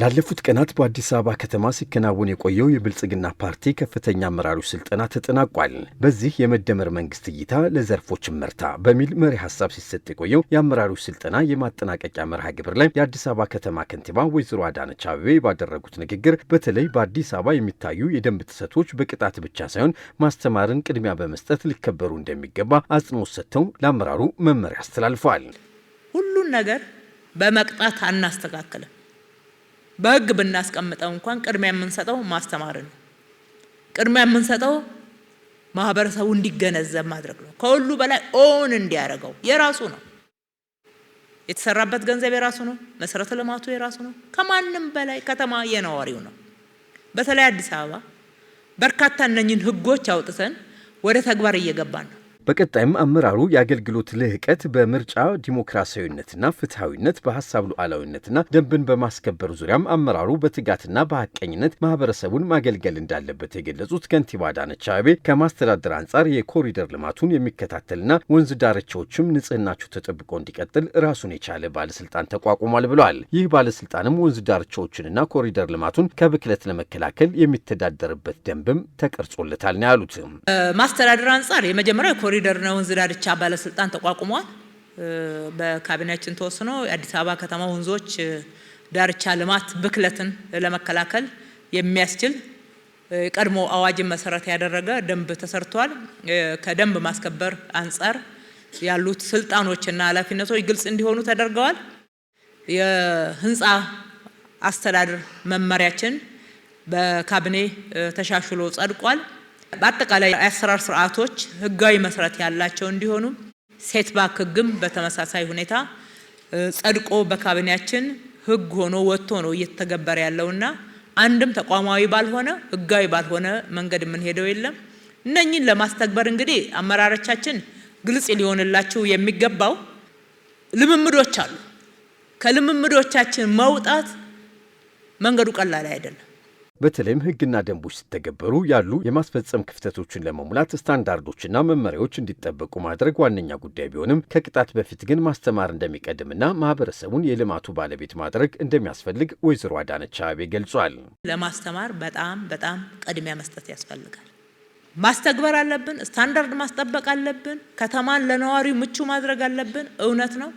ላለፉት ቀናት በአዲስ አበባ ከተማ ሲከናወን የቆየው የብልጽግና ፓርቲ ከፍተኛ አመራሮች ስልጠና ተጠናቋል። በዚህ የመደመር መንግስት እይታ ለዘርፎች መርታ በሚል መሪ ሀሳብ ሲሰጥ የቆየው የአመራሮች ስልጠና የማጠናቀቂያ መርሃ ግብር ላይ የአዲስ አበባ ከተማ ከንቲባ ወይዘሮ አዳነች አቤቤ ባደረጉት ንግግር በተለይ በአዲስ አበባ የሚታዩ የደንብ ጥሰቶች በቅጣት ብቻ ሳይሆን ማስተማርን ቅድሚያ በመስጠት ሊከበሩ እንደሚገባ አጽንኦት ሰጥተው ለአመራሩ መመሪያ አስተላልፈዋል። ሁሉን ነገር በመቅጣት አናስተካክልም በህግ ብናስቀምጠው እንኳን ቅድሚያ የምንሰጠው ማስተማር ነው። ቅድሚያ የምንሰጠው ማህበረሰቡ እንዲገነዘብ ማድረግ ነው። ከሁሉ በላይ ኦን እንዲያደርገው የራሱ ነው። የተሰራበት ገንዘብ የራሱ ነው። መሰረተ ልማቱ የራሱ ነው። ከማንም በላይ ከተማ የነዋሪው ነው። በተለይ አዲስ አበባ በርካታ እነኝን ህጎች አውጥተን ወደ ተግባር እየገባን ነው። በቀጣይም አመራሩ የአገልግሎት ልህቀት በምርጫ ዲሞክራሲያዊነትና ፍትሐዊነት በሀሳብ ሉዓላዊነትና ደንብን በማስከበር ዙሪያም አመራሩ በትጋትና በሀቀኝነት ማህበረሰቡን ማገልገል እንዳለበት የገለጹት ከንቲባ አዳነች አቤቤ ከማስተዳደር አንጻር የኮሪደር ልማቱን የሚከታተልና ወንዝ ዳርቻዎችም ንጽህናቸው ተጠብቆ እንዲቀጥል ራሱን የቻለ ባለስልጣን ተቋቁሟል ብለዋል። ይህ ባለስልጣንም ወንዝ ዳርቻዎችንና ኮሪደር ልማቱን ከብክለት ለመከላከል የሚተዳደርበት ደንብም ተቀርጾለታል ነው ያሉት። ማስተዳደር አንጻር የመጀመሪያው የኮሪደርና የወንዝ ዳርቻ ባለስልጣን ተቋቁሟል። በካቢኔያችን ተወስኖ የአዲስ አበባ ከተማ ወንዞች ዳርቻ ልማት ብክለትን ለመከላከል የሚያስችል ቀድሞ አዋጅን መሰረት ያደረገ ደንብ ተሰርቷል። ከደንብ ማስከበር አንጻር ያሉት ስልጣኖችና ኃላፊነቶች ግልጽ እንዲሆኑ ተደርገዋል። የህንፃ አስተዳደር መመሪያችን በካቢኔ ተሻሽሎ ጸድቋል። በአጠቃላይ የአሰራር ስርዓቶች ህጋዊ መሰረት ያላቸው እንዲሆኑ ሴትባክ ህግም በተመሳሳይ ሁኔታ ጸድቆ በካቢኔያችን ህግ ሆኖ ወጥቶ ነው እየተገበረ ያለውና አንድም ተቋማዊ ባልሆነ ህጋዊ ባልሆነ መንገድ የምንሄደው የለም። እነኝን ለማስተግበር እንግዲህ አመራሮቻችን ግልጽ ሊሆንላችሁ የሚገባው ልምምዶች አሉ። ከልምምዶቻችን መውጣት መንገዱ ቀላል አይደለም። በተለይም ህግና ደንቦች ሲተገበሩ ያሉ የማስፈጸም ክፍተቶችን ለመሙላት ስታንዳርዶችና መመሪያዎች እንዲጠበቁ ማድረግ ዋነኛ ጉዳይ ቢሆንም ከቅጣት በፊት ግን ማስተማር እንደሚቀድምና ማህበረሰቡን የልማቱ ባለቤት ማድረግ እንደሚያስፈልግ ወይዘሮ አዳነች አቤ ገልጿል። ለማስተማር በጣም በጣም ቅድሚያ መስጠት ያስፈልጋል። ማስተግበር አለብን። ስታንዳርድ ማስጠበቅ አለብን። ከተማን ለነዋሪው ምቹ ማድረግ አለብን። እውነት ነው።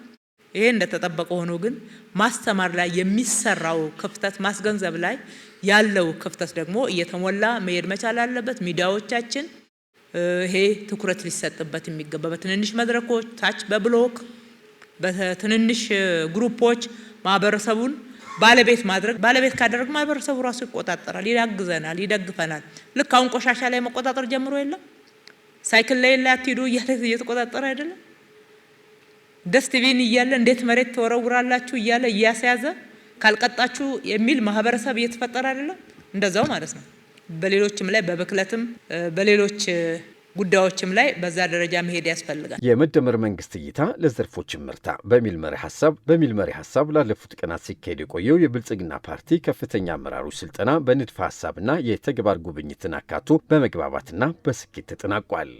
ይሄ እንደተጠበቀ ሆኖ ግን ማስተማር ላይ የሚሰራው ክፍተት ማስገንዘብ ላይ ያለው ክፍተት ደግሞ እየተሞላ መሄድ መቻል አለበት። ሚዲያዎቻችን ይሄ ትኩረት ሊሰጥበት የሚገባ በትንንሽ መድረኮች ታች በብሎክ በትንንሽ ግሩፖች ማህበረሰቡን ባለቤት ማድረግ ባለቤት ካደረግ ማህበረሰቡ ራሱ ይቆጣጠራል፣ ይዳግዘናል፣ ይደግፈናል። ልክ አሁን ቆሻሻ ላይ መቆጣጠር ጀምሮ የለም ሳይክል ላይ ላይ እያለ እየተቆጣጠረ አይደለም ደስትቢን እያለ እንዴት መሬት ተወረውራላችሁ እያለ እያስያዘ ካልቀጣችሁ የሚል ማህበረሰብ እየተፈጠረ አይደለም። እንደዛው ማለት ነው። በሌሎችም ላይ በብክለትም በሌሎች ጉዳዮችም ላይ በዛ ደረጃ መሄድ ያስፈልጋል። የመደመር መንግስት እይታ ለዘርፎች ምርታ በሚል መሪ ሀሳብ በሚል መሪ ሀሳብ ላለፉት ቀናት ሲካሄድ የቆየው የብልጽግና ፓርቲ ከፍተኛ አመራሮች ስልጠና በንድፈ ሀሳብና የተግባር ጉብኝትን አካቶ በመግባባትና በስኬት ተጠናቋል።